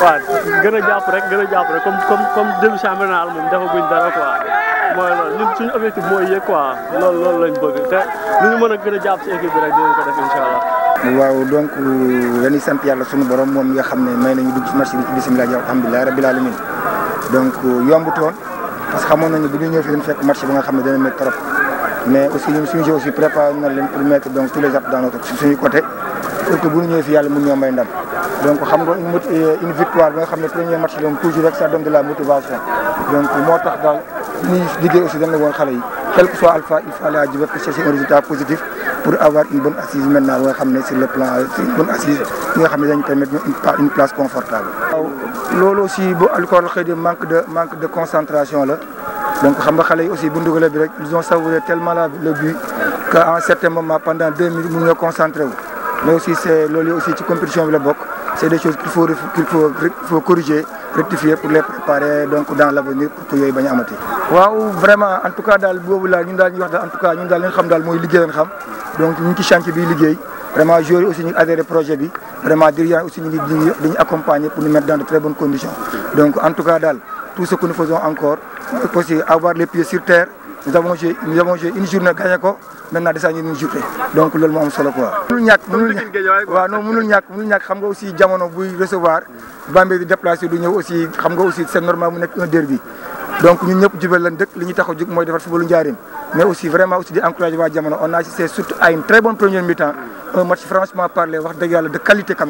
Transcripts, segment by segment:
waa gën a jàpp rek gën a jàpp rek comme comme comme début championnat moom defaguñ dara quoi mooy loolu ñun suñu objectif mooy yéeg quoi loolu loolu lañ ko te lu ñu mën a gën a jàpp si équipe rek def incha allah. waaw donc dañuy sant yàlla suñu borom moom mi nga xam ne may nañu dugg ci match bi ci bisimilah jaw alhamdulilah rabbil alamin donc yombutoon parce que xamoon nañu bu ñu ñëw fi dañu fekk match bi nga xam ne dana métti trop mais aussi ñun suñu jeu aussi préparé na leen pour mettre donc tous les appuis dans suñu côté. pour que bu ñu ñëwee fii yàlla mun ñoo may ndam donc xam nga une euh, victoire bi nga xam ne premier match donc toujours rek ça donne de la motivation donc moo tax daal ñuy liggéey aussi dañ la woon xale yi quel que soit alpha il fallait ajouter que c'est un résultat positif pour avoir une bonne assise maintenant ba nga xam ne sur le plan une bonne assise nga xam ne dañu permettre une place confortable loolu aussi bu encore xëy de manque de concentration la donc xam xale yi bu ndugalee bi rek ils ont savouré tellement la le wu mais aussi c'est loolu aussi ci compétition bi la bokk c'est des choses qu'il faut qu'il faut corriger rectifier pour les préparer dans l'avenir pour que bañ a amati. waaw vraiment en tout cas daal boobu laa ñun daal ñu wax daal en tout cas ñun daal li nga xam daal mooy liggéey lañ xam donc ñu ngi ci chantier bi liggéey vraiment joueurs yi aussi ñu ngi adhéré projet bi vraiment dirigeants aussi ñu accompagner pour ñu mettre dans de très bonnes conditions donc en tout cas daal tout ce que nous faisons encore aussi avoir les pieds sur terre nous avons joué nous ko maintenant naa ñu ñu jute donc loolu moo am solo quoi. mënul ñàkk mënul ñàkk waaw non mënul ñàkk mënul ñàkk xam nga aussi jamono buy recevoir Bambey di déplacé du ñëw aussi xam nga aussi c'est normal mu nekk un derby donc ñun ñëpp jubal lan dëkk li ñu tax a jóg mooy defar footballu Njaaréem mais aussi vraiment aussi di encouragé waa on a assisté surtout à une très bonne première mi-temps franchement parlé wax dëgg de qualité quand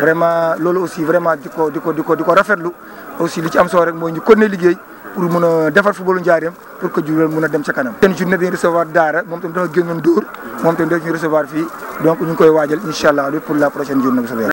vraiment loolu aussi vraiment di ko di ko di ko di ko aussi li ci am solo rek mooy ñu continuer pour mun a defar footballu Njaareem pour que Diourbel mun a dem ca kanam. seen journée dañuy recevoir Daara moom tamit dafa génnoon Dóor moom tamit dañuy recevoir fii donc ñu koy waajal incha allah pour la prochaine journée bu soobee